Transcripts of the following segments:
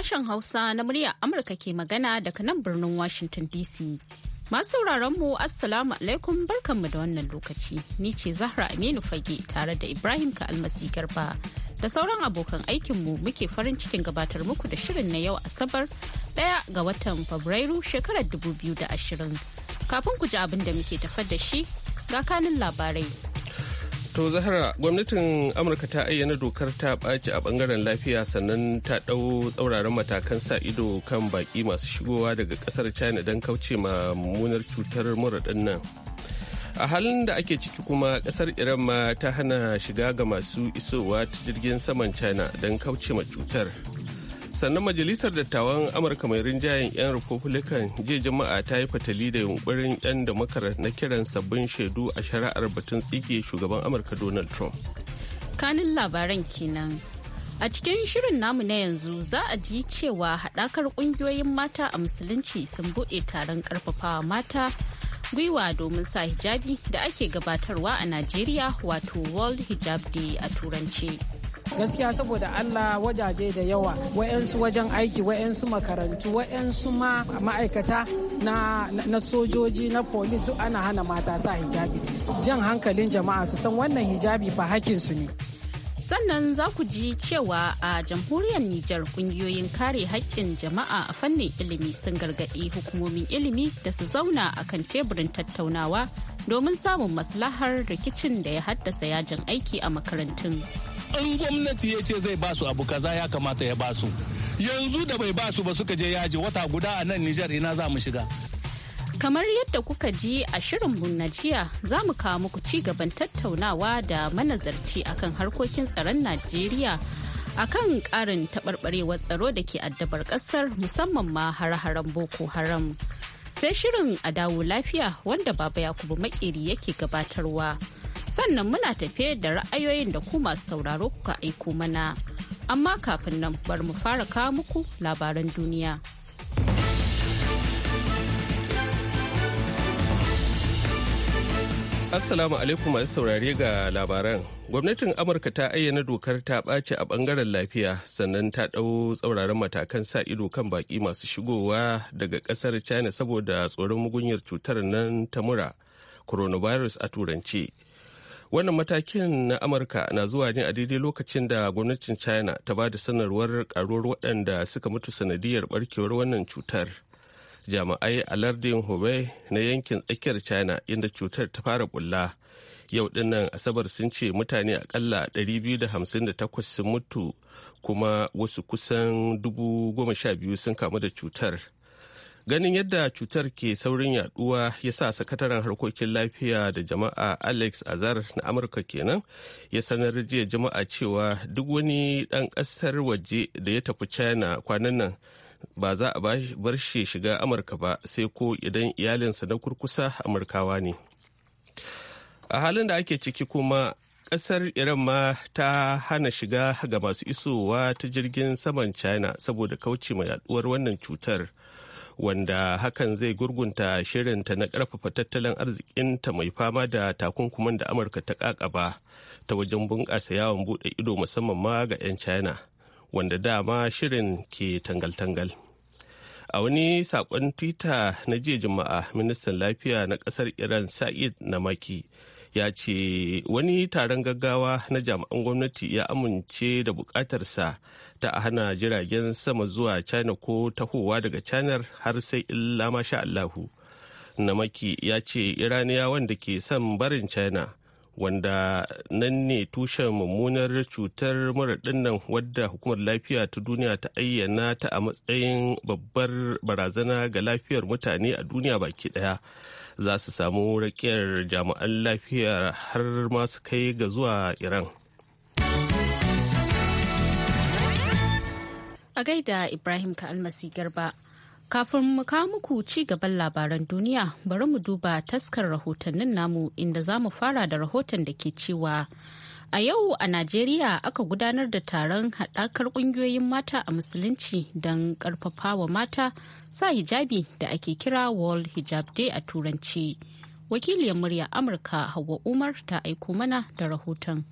sashen Hausa na muryar Amurka ke magana daga nan birnin Washington DC. Masu mu Assalamu alaikum barkanmu da wannan lokaci. Ni ce Zahra Aminu Fage tare da Ibrahim almasi Garba. Da sauran abokan aikinmu muke farin cikin gabatar muku da shirin na yau Asabar ɗaya ga watan Fabrairu shekarar 2020. Kafin ku ji abin da muke tafar da shi ga kanin labarai. To zahara gwamnatin Amurka ta ayyana dokar ta ɓaci a ɓangaren lafiya sannan ta ɗau tsauraran matakan sa ido kan baƙi masu shigowa daga ƙasar China don kauce ma mummunar cutar mura nan. A halin da ake ciki kuma ƙasar Iran ma ta hana shiga ga masu isowa ta jirgin saman China don kauce ma cutar. sannan majalisar dattawan amurka mai rinjayen 'yan republican jiya jama'a ta yi fatali da yunkurin 'yan democrat na kiran sabbin shaidu a shari'ar batun tsige shugaban amurka donald trump kanin labaran kenan a cikin shirin namu na yanzu za a ji cewa haɗakar ƙungiyoyin mata a musulunci sun buɗe taron ƙarfafawa mata gwiwa domin sa hijabi da ake gabatarwa a najeriya wato world hijab day a turanci. gaskiya saboda allah wajaje da yawa wa'yansu wajen aiki wa'yansu makarantu wa'yansu ma ma'aikata na, na sojoji na polis duk ana hana mata sa hijabi jan hankalin jama'a su san wannan hijabi fa hakinsu ne sannan za ku ji cewa a jamhuriyar Nijar kungiyoyin kare haƙƙin jama'a a fannin ilimi sun gargaɗi hukumomin ilimi da su zauna a kan teburin tattaunawa domin samun maslahar rikicin da ya haddasa yajin aiki a makarantun. an gwamnati ya ce zai basu abu kaza ya kamata ya basu. Yanzu da bai basu ba suka je yaji wata guda a nan Nijar ina za mu shiga. Kamar yadda kuka ji a shirinmu na jiya za mu kawo muku ci gaban tattaunawa da manazarci akan harkokin tsaron Najeriya akan karin taɓarɓarewar tsaro da ke addabar ƙasar musamman ma har haren Boko Haram. Sai shirin a dawo lafiya wanda Baba Yakubu Makeri yake gabatarwa. Sannan muna tafe da ra'ayoyin da ku masu sauraro kuka aiko mana. Amma kafin nan bar mu fara kawo muku labaran duniya. Assalamu alaikum masu saurare ga labaran. Gwamnatin Amurka ta ayyana dokar ta ɓaci a ɓangaren lafiya sannan ta ɗau tsauraran matakan sa ido kan baƙi masu shigowa daga ƙasar China saboda tsoron mugunyar cutar nan ta mura coronavirus a turance. Wannan matakin na Amurka na zuwa ne a daidai lokacin da gwamnatin China ta ba da sanarwar karuwar waɗanda suka mutu sanadiyar barkewar wannan cutar. jami'ai a lardin hubei na yankin tsakiyar china inda cutar ta fara bulla yau dinnan asabar sun ce mutane akalla 258 sun mutu kuma wasu kusan 12,000 sun kamu da cutar ganin yadda cutar ke saurin yaduwa ya sa sakataren harkokin lafiya da jama'a alex azar na amurka kenan ya sanar jiya jama'a cewa duk wani dan kasar waje da ya tafi china kwanan nan ba za a bar shi shiga amurka ba sai ko idan iyalinsa na kurkusa amurkawa ne a halin da ake ciki kuma kasar iran ma ta hana shiga ga masu isowa ta jirgin saman china saboda kauce mai yaduwar wannan cutar wanda hakan zai gurgunta shirinta na karfafa tattalin arzikinta mai fama da takunkuman da amurka ta kakaba ta wajen bunƙasa yawon bude ido musamman ma ga 'yan china wanda dama shirin ke tangal-tangal. A wani saƙon Twitter na jiya Juma'a, ministan lafiya na ƙasar Iran Sa'id Namaki ya ce wani taron gaggawa na jami'an gwamnati ya amince da buƙatarsa ta a hana jiragen sama zuwa China ko tahowa daga China har sai illa masha Allahu. Namaki ya ce Iraniya wanda ke son barin China wanda nan ne tushen mummunar cutar mura dinnan wadda hukumar lafiya ta duniya ta ayyana ta a matsayin babbar barazana ga lafiyar mutane a duniya baki daya za su samu rakiyar jami'an lafiya har masu kai ga zuwa iran a gaida ibrahim ka almasi garba Kafin mu kawo muku ci gaban labaran duniya, bari mu duba taskar rahotannin namu inda za mu fara da rahoton da ke cewa a yau a Najeriya aka gudanar da taron haɗakar ƙungiyoyin mata a musulunci don ƙarfafawa mata sa hijabi da ake kira World Hijab Day a Turanci. Wakiliyar murya Amurka Hauwa Umar ta aiko mana da rahoton.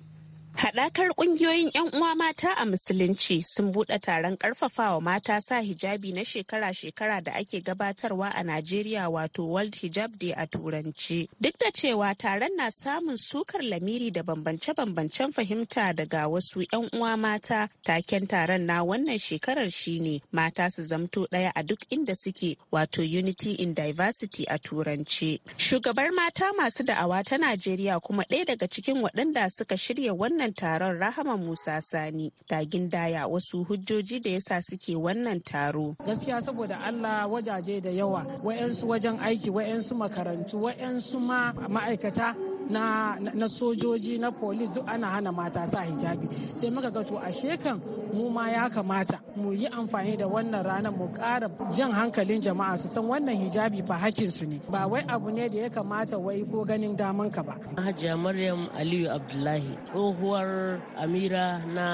Haɗakar ƙungiyoyin 'yan uwa mata a Musulunci sun buɗe taron ƙarfafawa mata sa hijabi na shekara-shekara da ake gabatarwa a Najeriya wato World Hijab Day a Turanci. Duk da cewa taron na samun sukar lamiri da bambance-bambancen fahimta daga wasu 'yan uwa mata, taken taron na wannan shekarar shine mata su zamto ɗaya a duk inda suke wato Unity in Diversity a Turanci. Shugabar mata masu da'awa ta Najeriya kuma ɗaya daga cikin waɗanda suka shirya wannan wannan taron Rahama Musa Sani ta gindaya wasu hujjoji da yasa suke wannan taro. Gaskiya saboda Allah wajaje da yawa, wa'yansu wajen aiki, wa'yansu makarantu, wa'yansu ma ma'aikata na, na sojoji na polis duk ana hana mata sa hijabi sai muka ga to a shekan mu ma ya kamata mu yi amfani da wannan ranar mu kara jan hankalin jama'a su san wannan hijabi fa hakkin su ne ba wai abu ne da ya kamata wai ko ganin daman ka ba hajiya maryam aliyu abdullahi tsohuwar amira na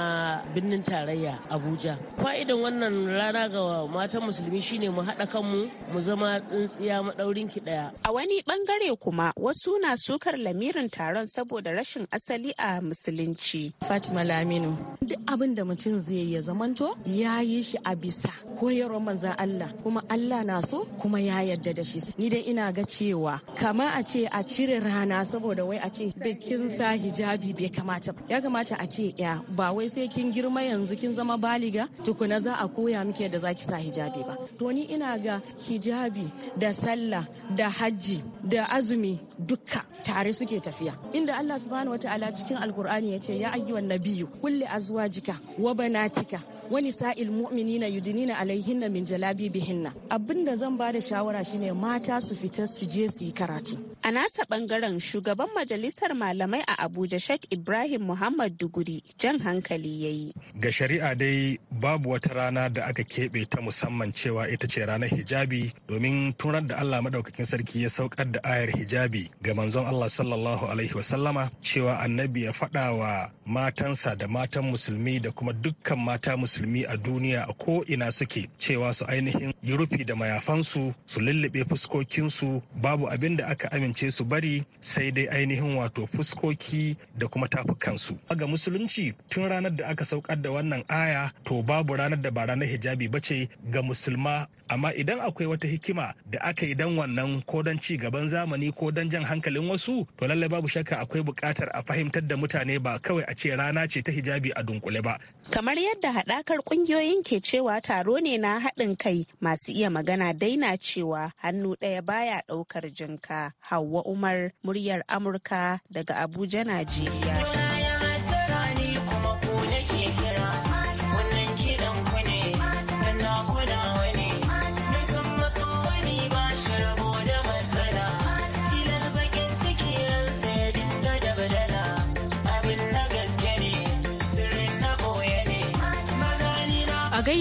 birnin tarayya abuja fa'idan wannan rana ga matan musulmi shine mu haɗa kanmu mu zama tsintsiya maɗaurin ki ɗaya a wani bangare kuma wasu na sukar lamirin taron saboda rashin asali a musulunci fatima laminu duk abin da mutum zai ya zamanto ya yi shi a bisa koyarwar manzan Allah kuma Allah na so kuma ya yarda da shi ni dai ina ga cewa kama a ce a cire rana saboda wai a ce bikin sa hijabi bai kamata ya kamata a ce ya ba wai sai kin girma yanzu kin zama baliga tukuna za a koya miki yadda zaki sa hijabi ba to ni ina ga hijabi da sallah da hajji da azumi duka tare suke tafiya inda Allah subhanahu wataala cikin alkur'ani ya ce ya ayyuhan nabiyyu kulli azwajika wa lunática. wani sa'il mu'minina yudinina alaihinna min jalabi bihinna abinda zan ba da shawara shine mata su fita su je su yi karatu a nasa bangaren shugaban majalisar malamai a abuja sheikh ibrahim muhammad duguri jan hankali ya yi ga shari'a dai babu wata rana da aka keɓe ta musamman cewa ita ce ranar hijabi domin tunar da allah madaukakin sarki ya saukar da ayar hijabi ga manzon allah sallallahu alaihi wasallama cewa annabi ya faɗa wa matansa da matan musulmi da kuma dukkan mata musulmi musulmi a duniya a ko ina suke cewa su ainihin yi rufi da mayafansu su lullube fuskokinsu babu abin da aka amince su bari sai dai ainihin wato fuskoki da kuma tafukansu ga musulunci tun ranar da aka saukar da wannan aya to babu ranar da ba ranar hijabi bace ga musulma amma idan akwai wata hikima da aka yi dan wannan ko dan ci gaban zamani ko dan jan hankalin wasu to lallai babu shakka akwai bukatar a fahimtar da mutane ba kawai a ce rana ce ta hijabi a dunkule ba kamar yadda haɗakar ƙungiyoyin ke cewa taro ne na haɗin kai masu iya magana daina cewa hannu ɗaya baya ɗaukar jinka. Hauwa Umar, muryar Amurka daga Abuja, Najeriya.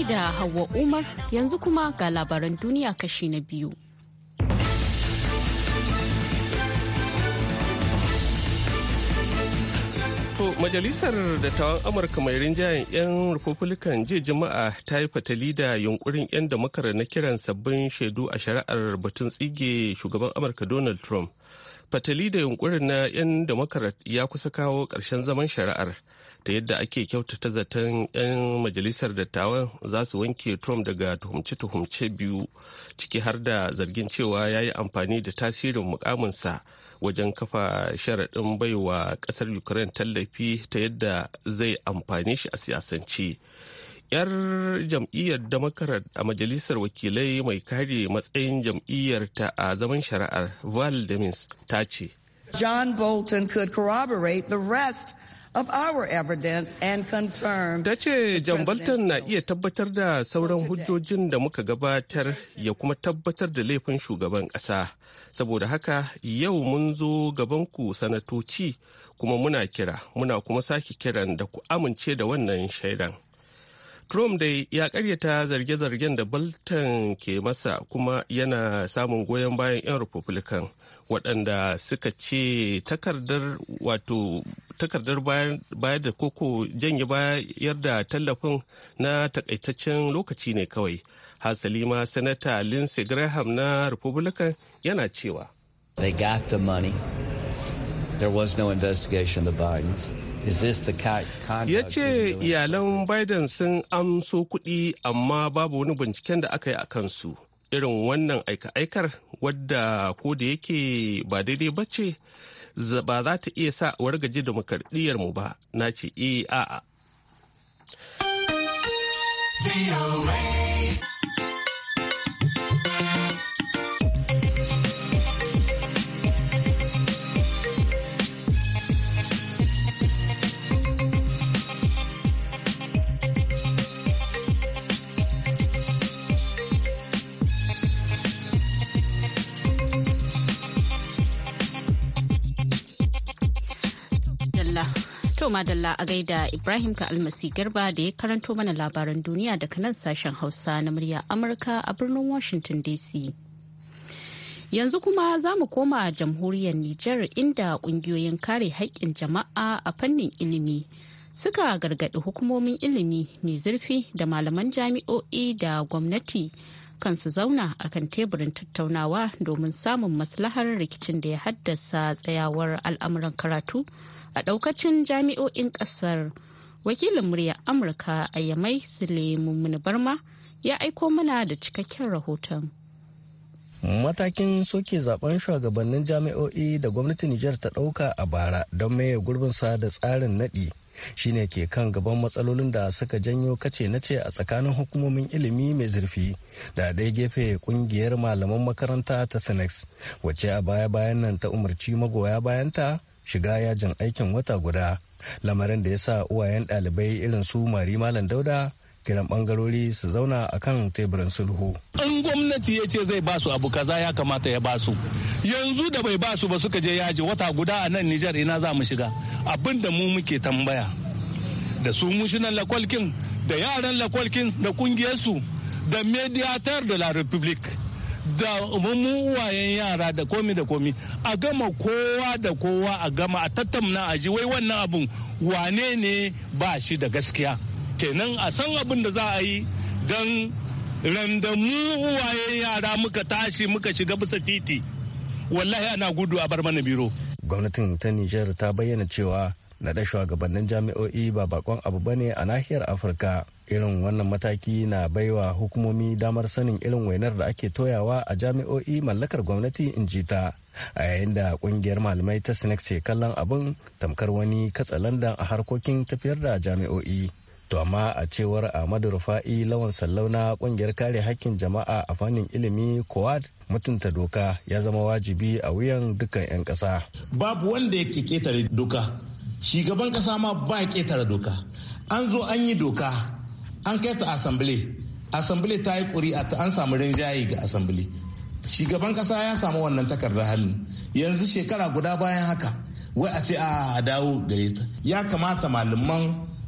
da Hauwa Umar yanzu kuma ga labaran duniya kashi na biyu. To majalisar dattawan Amurka mai rinjayen 'yan Republican jiya Juma'a ta yi fatali da yunkurin 'yan damakar na kiran sabbin shaidu a shari'ar batun tsige shugaban Amurka Donald Trump. Fatali da yunkurin na 'yan damakar ya kusa kawo ƙarshen zaman shari'ar ta yadda ake kyautata zaton 'yan majalisar dattawan za su wanke trump daga tuhumce-tuhumce biyu ciki har da zargin cewa ya yi amfani da tasirin mukaminsa wajen kafa sharaɗin baiwa ƙasar ukraine tallafi ta yadda zai amfani shi a siyasance yar jam'iyyar democrat a majalisar wakilai mai kare matsayin jam'iyyar ta a zaman shari'ar val ta ce john bolton could corroborate the rest of our evidence and confirm Ta ce jan Bolton na iya tabbatar da sauran hujjojin da muka gabatar ya kuma tabbatar da laifin shugaban ƙasa. Saboda haka yau mun zo gabanku sanatoci kuma muna kira, muna kuma sake kiran da ku amince da wannan shaidan. Trump dai ya karyata zarge-zargen da Bolton ke masa kuma yana samun goyon bayan 'yan Republican. waɗanda suka ce takardar wato takardar bayar da koko janye bayar da tallafin na takaitaccen lokaci ne kawai hasali ma sanata lindsey graham na republican yana cewa they got the money there was no investigation the bidens ya ce iyalan biden sun amso kuɗi amma babu wani binciken da aka yi a kansu irin wannan aika-aikar wadda ko da yake ba daidai ba ce ba za ta iya sa wargaje demokradiyyar mu ba na ce e a'a. madalla a gaida Ibrahim ka almasi garba da ya karanto mana labaran duniya daga nan sashen Hausa na murya Amurka a birnin Washington DC. Yanzu kuma za mu koma jamhuriyar Nijar inda kungiyoyin kare haƙƙin jama'a a fannin ilimi suka gargaɗi hukumomin ilimi mai zurfi da malaman jami'o'i da gwamnati kan su zauna a kan teburin tattaunawa domin samun maslahar rikicin da ya haddasa tsayawar al'amuran karatu a daukacin jami'o'in kasar wakilin murya amurka a yamai suleiman barma ya aiko mana da cikakken rahoton matakin soke zaben shugabannin jami'o'i da gwamnatin nijar ta dauka a bara don maye gurbinsa da tsarin nadi shine ke kan gaban matsalolin da suka janyo kace na ce a tsakanin hukumomin ilimi mai zurfi da ɗaya gefe kungiyar malaman makaranta ta sinex wacce a baya bayan nan ta umarci magoya bayanta shiga yajin aikin wata guda lamarin da ya sa uwayen ɗalibai irin su mari malam dauda kiran bangarori su zauna a kan teburin sulhu. In gwamnati ya ce zai basu abu kaza ya kamata ya basu. Yanzu da bai basu ba suka je yaji wata guda a nan Nijar ina za mu shiga. Abin da mu muke tambaya. Da su mushinan lakwalkin, da yaran lakwalkin da kungiyarsu, da mediator de la republique. da mu wayan yara da komi da komi a gama kowa da kowa a gama a tattauna a ji wai wannan abun wane ne ba shi da gaskiya kenan a san abin da za a yi don randa mu wayan yara muka tashi muka shiga bisa titi wallahi ana gudu a bar mana biro gwamnatin ta nijar ta bayyana cewa naɗa shugabannin jami'o'i ba bakon abu bane a nahiyar afirka irin wannan mataki na baiwa hukumomi damar sanin irin wainar da ake toyawa a jami'o'i mallakar gwamnati in ji ta a yayin da kungiyar malamai ta sinex ce kallon abin tamkar wani katsalandan a harkokin tafiyar da jami'o'i to amma a cewar ahmadu rufa'i lawan sallau na kungiyar kare hakkin jama'a a fannin ilimi kowad mutunta doka ya zama wajibi a wuyan dukkan 'yan kasa. babu wanda yake ketare doka shugaban ƙasa ma ba ketare doka an zo an yi doka an kai ta asambile asambile ta yi a ta an samu rinjaye ga asambile shugaban kasa ya samu wannan takarda hannu yanzu shekara guda bayan haka wai a ce a dawo gare ta ya kamata malaman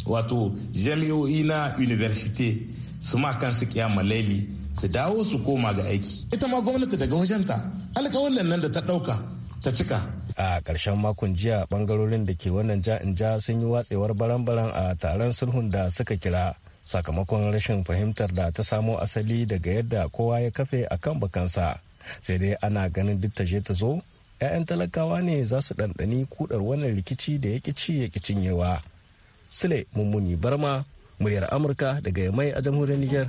wato jami'o'i na university su ma kansu kiyama laili su dawo su koma ga aiki ita ma gwamnati daga wajenta alkawalin nan da ta ɗauka ta cika a ƙarshen makon jiya bangarorin da ke wannan ja'in ja sun yi watsewar baran-baran a taron sulhun da suka kira sakamakon rashin fahimtar da ta samo asali daga yadda kowa ya kafe a kan bakansa sai dai ana ganin duk ta je ta zo 'ya'yan talakawa ne za su ɗanɗani kudar wannan rikici da ya ci ya cinyewa sule mummuni barma muryar amurka daga yamai a jamhuriyar niger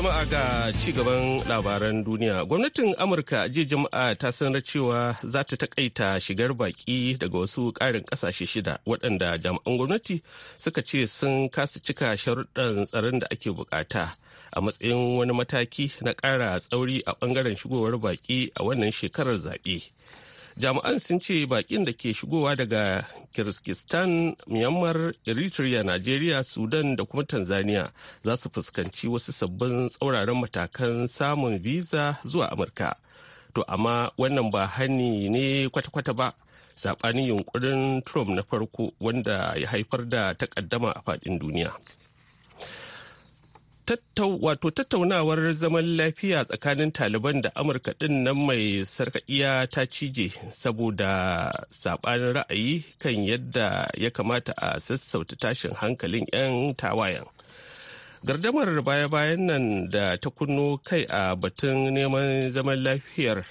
jama'a ga ci gaban labaran duniya. Gwamnatin Amurka jiya jama'a ta sanar cewa za ta takaita shigar baki daga wasu ƙarin ƙasashe shida waɗanda jami'an gwamnati suka ce sun kasa cika sharuɗan tsaron da ake bukata a matsayin wani mataki na ƙara tsauri a ɓangaren shigowar baki a wannan shekarar zaɓe. jami'an sun ce bakin da ke shigowa daga kirgistan myanmar eritrea nigeria sudan da kuma tanzania za su fuskanci wasu sabbin tsauraran matakan samun visa zuwa amurka to amma wannan ba hani ne kwata-kwata ba saɓanin yunkurin trump na farko wanda ya haifar da takaddama a faɗin duniya wato tattaunawar zaman lafiya tsakanin taliban da amurka din nan mai sarkakiya ta cije saboda saɓanin ra'ayi kan yadda ya kamata a sassauta tashin hankalin 'yan tawayen gardamar baya-bayan nan da ta kunno kai a batun neman zaman lafiyar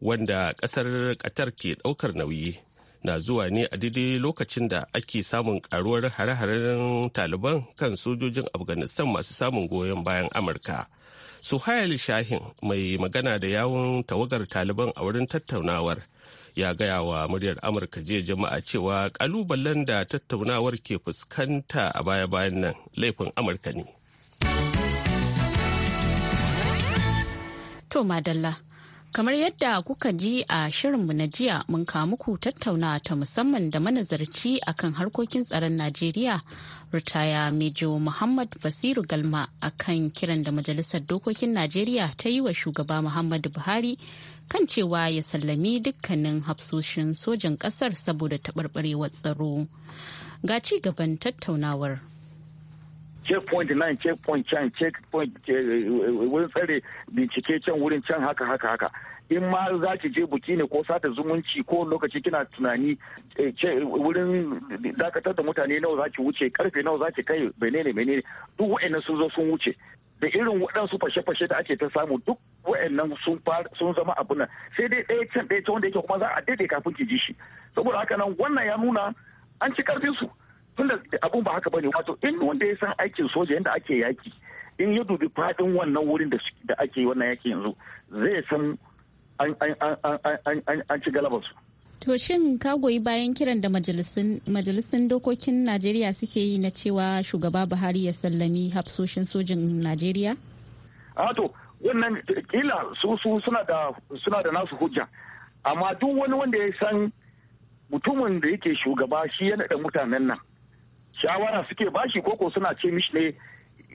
wanda ƙasar ƙatar ke ɗaukar nauyi na zuwa ne a daidai lokacin da ake samun karuwar hare-haren taliban kan sojojin afghanistan masu samun goyon bayan amurka suhail shahin mai magana da yawon tawagar taliban a wurin tattaunawar ya gaya wa muryar amurka jiya jama'a cewa kalubalen da tattaunawar ke fuskanta a baya-bayan nan laifin amurka ne to madalla Kamar yadda kuka ji a shirinmu na jiya mun kawo muku tattauna ta musamman da manazarci akan harkokin tsaron Najeriya, ritaya Mejo Muhammad Basiru Galma akan kiran da Majalisar Dokokin Najeriya ta yi wa shugaba Muhammadu Buhari kan cewa ya sallami dukkanin hafsoshin sojan kasar saboda taɓarɓarewar tsaro. Ga ci gaban tattaunawar. checkpoint nan checkpoint can checkpoint eh, wurin tsare bincike can wurin can haka haka haka in ma za ki je buki ne ko sata zumunci ko lokaci kina tunani eh, wurin dakatar da mutane nawa za ki wuce karfe nawa za ki kai menene menene duk wa'annan sun zo sun wuce da irin waɗansu fashe-fashe da ake ta samu duk wa'annan sun zama abu nan sai dai ɗaya can ɗaya ta wanda yake kuma za a daidai kafin ki ji shi saboda haka nan wannan ya nuna an ci karfin su tunda abun ba haka bane wato in wanda ya san aikin soja yadda ake yaki in ya dubi fadin wannan wurin da ake wannan yaki yanzu zai san an ci galabar su to shin ka goyi bayan kiran da majalisun dokokin najeriya suke yi na cewa shugaba buhari ya sallami hafsoshin sojin najeriya a to wannan kila su suna da nasu hujja amma duk wani wanda ya san mutumin da yake shugaba shi ya naɗa mutanen nan shawara suke bashi koko suna ce mishi ne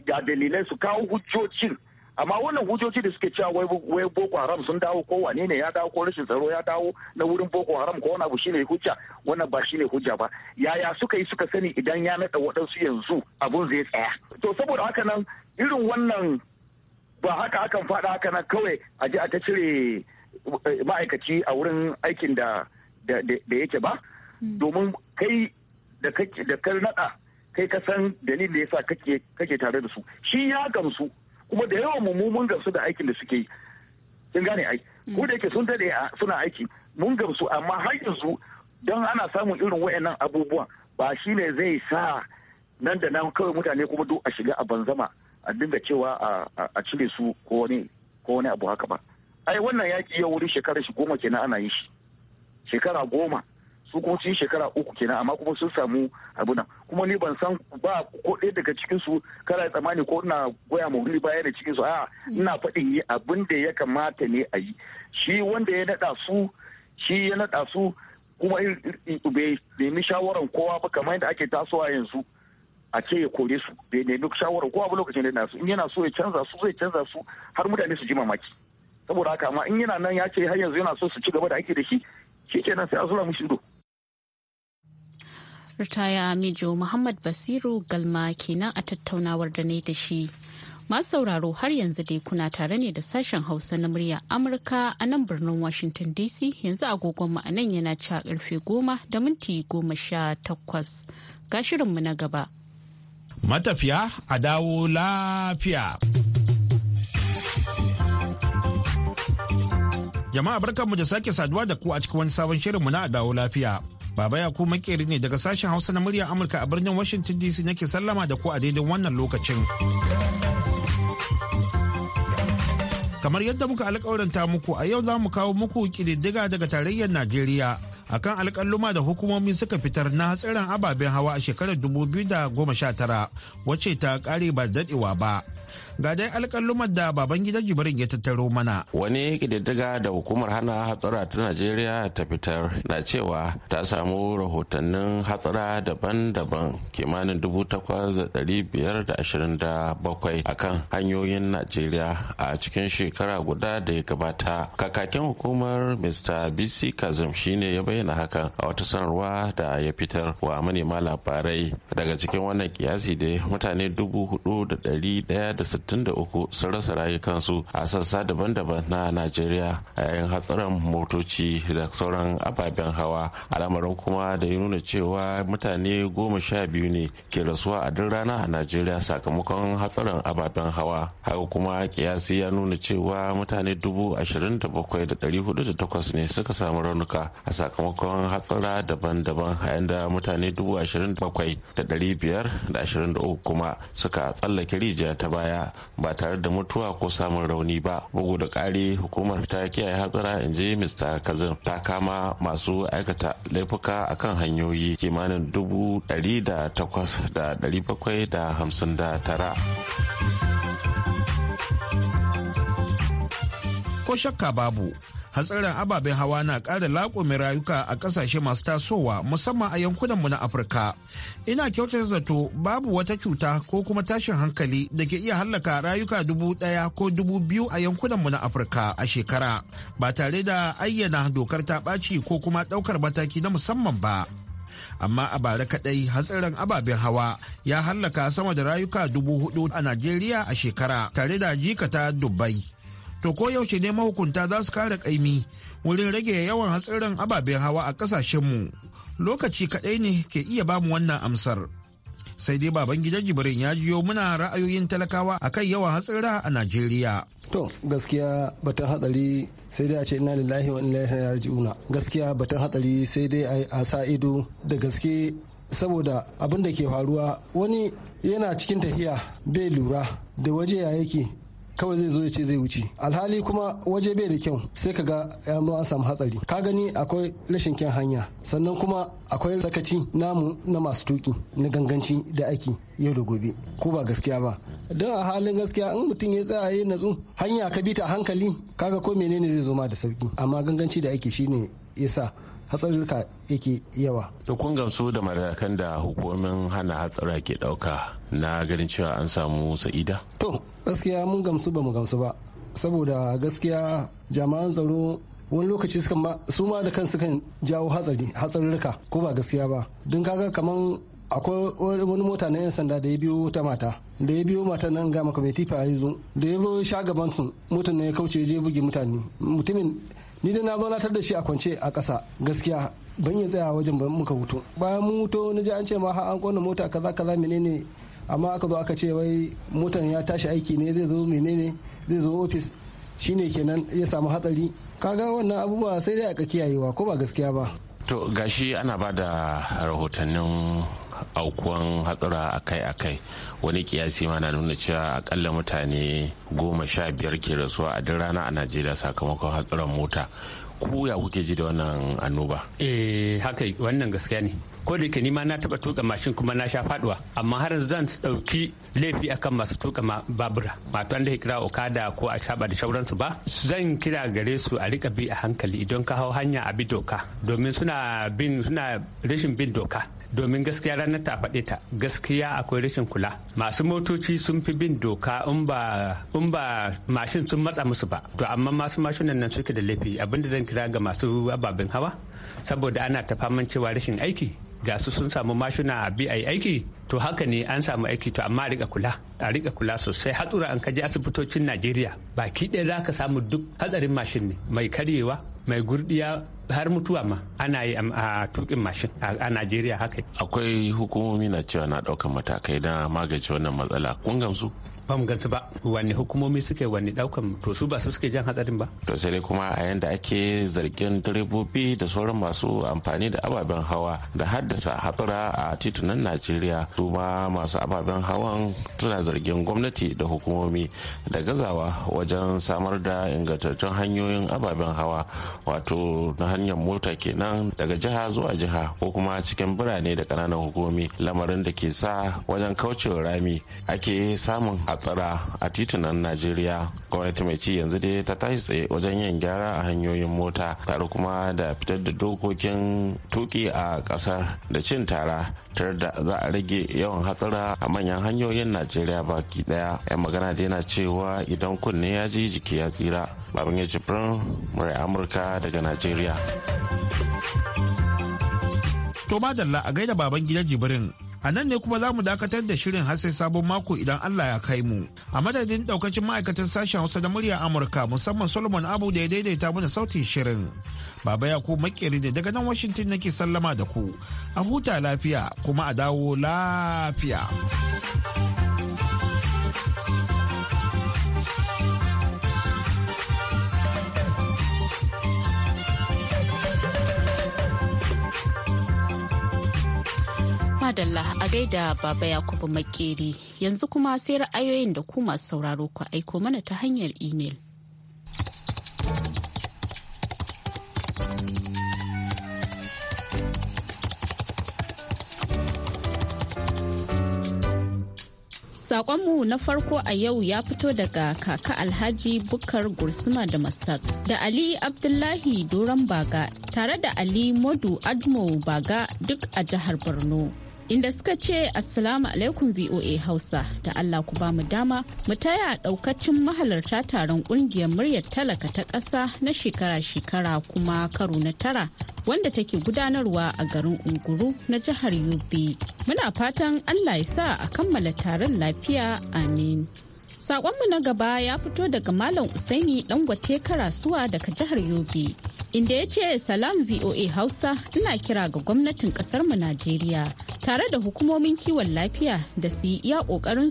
ga dalilai su kawo hujjocin amma wannan hujjoci da suke cewa wai boko haram sun dawo ko wane ne ya dawo ko rashin tsaro ya dawo na wurin boko haram ko wani abu shine hujja wannan ba shine hujja ba yaya suka yi suka sani idan ya naɗa waɗansu yanzu abun zai tsaya to saboda haka nan irin wannan ba haka akan faɗa haka nan kawai a je a ta cire eh, ma'aikaci a wurin aikin da da yake ba hmm. domin kai da ka naɗa kai ka san dalilin da yasa kake kake tare da su shi ya gamsu kuma da yawan mu mun gamsu da aikin da suke yi kin gane ai ko da yake sun dade suna aiki mun gamsu amma har yanzu don ana samun irin wayannan abubuwan ba shine zai sa nan da nan kawai mutane kuma duk a shiga a banzama a dinga cewa a cire su ko wani ko wani abu haka ba ai wannan yaki ya wuri shekara shi goma kenan ana yi shi shekara goma su shekara uku kenan amma kuma sun samu abu nan kuma ni ban san ba ko ɗaya daga cikin su kana tsammani ko ina goya ma wuri baya da cikin su a mm. ina faɗin yi abin da ya kamata ne a yi shi wanda ya naɗa su shi ya naɗa su kuma bai nemi shawaran kowa ba kamar yadda ake tasowa yanzu a ce ya kore su bai nemi shawaran kowa ba lokacin da yana su in yana so ya canza su zai canza su har mutane su ji mamaki saboda haka amma in yana nan ya ce har yanzu yana so su ci gaba da ake da shi shi nan sai a zura mishi do. Ritaya Mijo Muhammad Basiru Galma kenan a tattaunawar da ne da shi. Masu sauraro har yanzu dai kuna tare ne da sashen Hausa na murya Amurka a nan birnin Washington DC yanzu agogon mu a nan yana ci karfe goma da minti goma sha takwas. Ga shirinmu na gaba. Matafiya a dawo lafiya. Jama'a barkanmu da sake saduwa da ku a cikin wani sabon shirinmu na dawo lafiya. Baba ya makeri ne daga sashen Hausa na muryar Amurka a birnin Washington DC nake sallama da ku a daidai wannan lokacin. Kamar yadda muka alƙawaranta muku a yau za mu kawo muku ƙididdiga daga tarayyar Najeriya akan alƙaluma da hukumomi suka fitar na hatsarin ababen hawa a shekarar 2019 wacce ta ƙare ba daɗewa ba. Ga dai alkalumar da baban gidan Jibrin ya tattaro mana. Wani kididdiga da hukumar hana hatsara ta Najeriya ta fitar na cewa ta samu rahotannin hatsara daban-daban kimanin dubu takwas da akan hanyoyin Najeriya a cikin shekara guda da ya gabata. Kakakin hukumar Mr. BC Kazim shine ya bayyana hakan a wata sanarwa da ya fitar wa manema labarai daga cikin wannan kiyasi dai mutane dubu hudu da dari daya 63 sun rasa rayukansu a sassa daban-daban na najeriya a yayin hatsarin motoci da sauran ababen hawa al'amarin kuma da ya nuna cewa mutane goma sha biyu ne ke rasuwa a duk rana a najeriya sakamakon hatsarin ababen hawa haka kuma kiyasi ya nuna cewa mutane dubu ashirin da bakwai da dari hudu da takwas ne suka samu raunuka a sakamakon hatsara daban-daban a yanda mutane dubu ashirin da bakwai da dari biyar da ashirin da uku kuma suka tsallake rijiya ta baya baya ba tare da mutuwa ko samun rauni ba bugu da kare hukumar ta kiyaye hatsara in ji mr kazin ta kama masu aikata laifuka a kan hanyoyi kimanin dubu dari da takwas da dari bakwai da hamsin da tara ko shakka babu hatsarin ababen hawa na ƙara laƙumin rayuka a ƙasashe masu tasowa musamman a yankunanmu na afirka ina kyautar zato babu wata cuta ko kuma tashin hankali da ke iya hallaka rayuka dubu ɗaya ko dubu biyu a yankunanmu na afirka a shekara ba tare da ayyana dokar ta ɓaci ko kuma ɗaukar mataki na musamman ba amma a bara kaɗai hatsarin ababen hawa ya hallaka sama da rayuka dubu hudu a najeriya a shekara tare da jikata dubai to ko yaushe ne mahukunta za su kare kaimi wurin rage yawan hatsarin ababen hawa a kasashenmu lokaci kaɗai ne ke iya bamu wannan amsar sai dai baban gidan jibrin ya jiyo muna ra'ayoyin talakawa akan yawan hatsira a najeriya to gaskiya batun hatsari sai dai a ce ina lillahi wa inna ilaihi raji'una gaskiya batun hatsari sai dai a sa ido da gaske saboda abin da ke faruwa wani yana cikin tafiya bai lura da waje ya yake kawai zai zo ya ce zai wuce alhali kuma waje bai da kyau sai ka ga yamma an samu hatsari ka gani akwai rashin kyan hanya sannan kuma akwai sakaci namu na masu tuki na ganganci da aiki yau da gobe ko ba gaskiya ba don a halin gaskiya in mutum ya tsaya ya natsu hanya ka bi ta hankali kaga ko menene zai zo ma da sauki amma ganganci da aiki shine yasa hatsarurruka yake yawa. To kun gamsu da matakan da hukumomin hana hatsara ke dauka na ganin cewa an samu sa'ida? To gaskiya mun gamsu ba mu gamsu ba saboda gaskiya jami'an tsaro wani lokaci sukan su ma da kansu kan jawo hatsari hatsarurruka ko ba gaskiya ba don kaga kaman akwai wani mota na 'yan sanda da ya biyo ta mata da ya biyo mata nan ga maka mai da ya zo sha gaban su na ya kauce ya je buge mutane mutumin ni da na zaunatar da shi a kwance a ƙasa gaskiya ban yi tsaya wajen ban muka hutu bayan mun hutu na ji an ce ma har an kona mota kaza kaza menene amma aka zo aka ce wai motan ya tashi aiki ne zai zo menene zai zo ofis shine kenan ya samu hatsari kaga wannan abubuwa sai dai aka kiyayewa ko ba gaskiya ba to gashi ana ba da rahotannin aukuwan hatsura akai-akai wani kiyasi ma na nuna cewa akalla mutane goma sha biyar ke rasuwa a duk rana a najeriya sakamakon hatsuran mota ku ya kuke ji da wannan annoba eh haka wannan gaskiya ne ko da ke nima na taba tuka mashin kuma na sha faduwa amma har yanzu zan dauki laifi akan masu tuka babura an da kira okada ko a shaba da shauransu ba zan kira gare su a rika bi a hankali idan ka hau hanya a bi doka domin suna bin suna rashin bin doka domin gaskiya ranar ta faɗe ta gaskiya akwai rashin kula masu motoci sun fi bin doka in ba mashin sun matsa musu ba to amma masu mashinan nan suke da laifi abinda zan kira ga masu ababen hawa saboda ana ta faman cewa rashin aiki ga su sun samu mashina bi a aiki to haka ne an samu aiki to amma a rika kula a rika kula sosai hatsura an kaji asibitocin najeriya baki ɗaya za ka samu duk hatsarin mashin ne mai karyewa mai gurdiya har mutuwa ma ana yi a tukin mashin a najeriya haka akwai hukumomi na cewa na ɗaukan matakai na magance wannan matsala kun gamsu ba mu gansu ba wani hukumomi suke wani daukan to su ba su suke jan hatsarin ba to sai kuma a yanda ake zargin direbobi da sauran masu amfani da ababen hawa da haddasa hatsura a titunan najeriya su ma masu ababen hawa suna zargin gwamnati da hukumomi da gazawa wajen samar da ingantattun hanyoyin ababen hawa wato na hanyar mota kenan daga jiha zuwa jiha ko kuma cikin birane da kananan hukumomi lamarin da ke sa wajen kaucewa rami ake samun tsara a titunan najeriya gwamnati mai ci yanzu dai ta tashi tsaye wajen yin gyara a hanyoyin mota tare kuma da fitar da dokokin tuki a kasar da cin tara tare da za a rage yawan hatsara a manyan hanyoyin najeriya baki daya yan magana da yana cewa idan kunne ya ji jiki ya tsira babin ya jibrin murai amurka daga najeriya to madalla a gaida baban gidan jibrin A nan ne kuma za mu dakatar da shirin har sai sabon mako idan Allah ya kai mu. A madadin daukacin ma'aikatan sashen Hausa da murya Amurka musamman Solomon Abu da ya daidaita mana sautin shirin. Baba ya ku makeri ne daga nan Washington nake sallama da ku. A huta lafiya kuma a dawo lafiya. Madalla a gaida Baba Yakubu Makeri yanzu kuma sai ra'ayoyin da ku masu sauraro ku aiko mana ta hanyar imel. Sakonmu na farko a yau ya fito daga kaka Alhaji Bukar Gursuma da Masak da Ali Abdullahi Doron Baga tare da Ali Modu Admo Baga duk a jihar Borno. inda suka ce assalamu alaikum voa hausa da allah ku ba mu dama mu taya daukacin mahalarta taron kungiyar muryar talaka ta ƙasa na shekara-shekara kuma karo na tara wanda take gudanarwa a garin unguru na jihar yobe muna fatan allah ya sa a kammala taron lafiya amin saƙonmu na gaba ya fito daga Malam Usaini ɗan Dangote Karasuwa daga jihar Yobe inda ya ce salam VOA Hausa ina kira ga gwamnatin mu Najeriya tare da hukumomin kiwon lafiya da su yi iya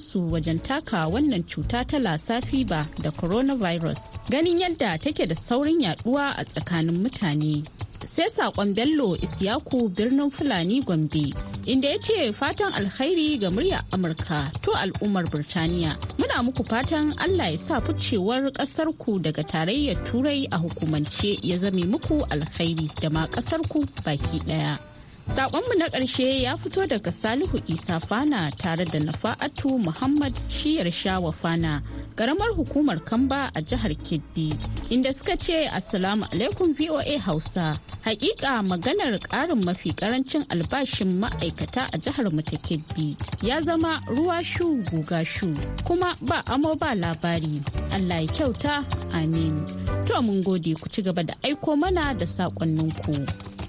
su wajen taka wannan cuta ta lasa fiba da coronavirus ganin yadda take da saurin yaduwa a tsakanin mutane. Sai saƙon Bello Isiyaku birnin Fulani Gombe. inda ya ce fatan alkhairi ga murya Amurka to al'ummar Birtaniya. Muna muku fatan Allah ya sa ficewar ƙasarku daga tarayyar Turai a hukumance ya zame muku alkhairi da ma ƙasarku baki ɗaya. Sakonmu na ƙarshe ya fito daga Salihu Isa Fana tare da Nafa'atu Muhammad Shiyar Shawa Fana, ƙaramar hukumar Kamba a jihar kiddi inda suka ce Assalamu alaikum VOA Hausa. Hakika maganar ƙarin mafi ƙarancin albashin ma'aikata a jihar mu ta kiddi ya zama ruwa shu guga shu kuma ba amo ba labari. Allah ya kyauta, amin. To mun gode ku ci gaba da aiko mana da saƙonninku.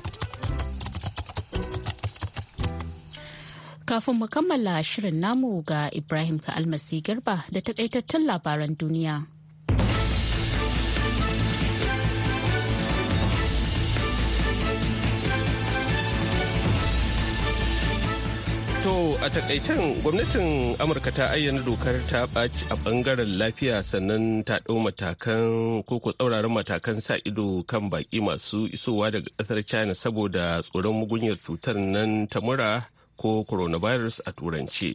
Kafin mu kammala shirin namu ga Ibrahim ka almasi garba da takaitattun labaran duniya. To a takaicen gwamnatin Amurka ta ayyana dokar ta ɓaci a ɓangaren lafiya sannan ta ɗau matakan koko tsauraran matakan sa ido kan baƙi masu isowa daga ƙasar China saboda tsoron mugunyar cutar nan ta mura ko coronavirus a Turanci.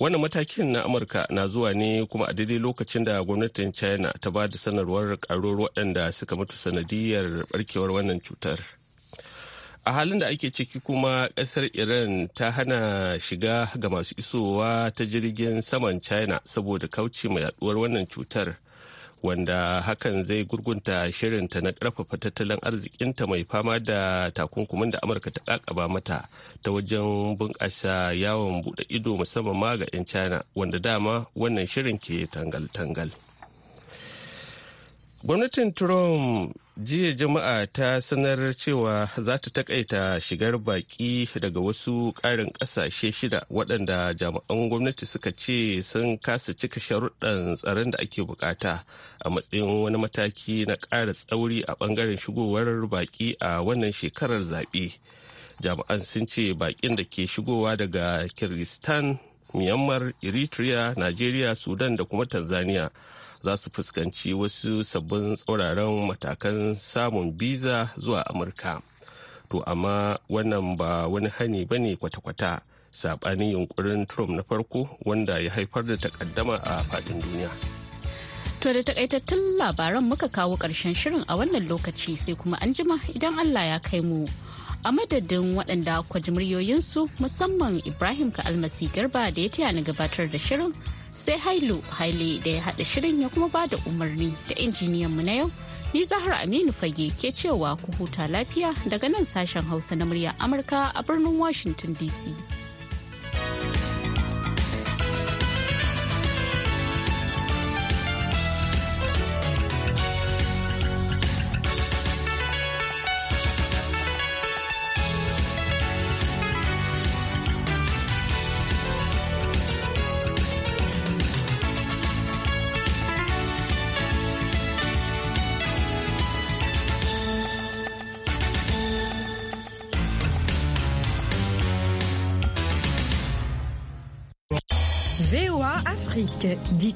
wannan matakin na amurka na zuwa ne kuma a daidai lokacin da gwamnatin china ta ba da sanarwar karuwar waɗanda suka mutu sanadiyar barkewar wannan cutar a halin da ake ciki kuma ƙasar iran ta hana shiga ga masu isowa ta jirgin saman china saboda kauce mai yaduwar wannan cutar wanda hakan zai gurgunta shirinta na karfafa tattalin arzikinta mai fama da takunkumin da amurka ta kakaba mata ta wajen bunƙasa yawon buɗe ido musamman ma ga 'yan china wanda dama wannan shirin ke tangal-tangal. Gwamnatin Trump jiya jama'a ta sanar cewa za ta takaita shigar baki daga wasu ƙarin ƙasashe shida waɗanda jami'an gwamnati suka ce sun kasa cika sharuɗan tsaron da ake bukata a matsayin wani mataki na ƙara tsauri a ɓangaren shigowar baki a wannan shekarar zaɓe. Jami'an sun ce baƙin da ke shigowa daga Kirgistan, Myanmar, Eritrea, Najeriya, Sudan da kuma Tanzania. za su fuskanci wasu sabbin tsauraran matakan samun biza zuwa amurka to amma wannan ba wani hani ba ne kwata-kwata saɓanin yunkurin trump na farko wanda ya haifar da takaddama a faɗin duniya To da takaitattun labaran muka kawo ƙarshen shirin a wannan lokaci sai kuma an jima idan Allah ya kai mu. A madadin waɗanda kwajmiryoyinsu musamman Ibrahim ka almasi garba da ya taya na gabatar da shirin sai hailu haile da ya haɗa shirin ya kuma bada umarni da mu na yau ni zahra aminu fage ke cewa ku huta lafiya daga nan sashen hausa na murya amurka a birnin washington dc dites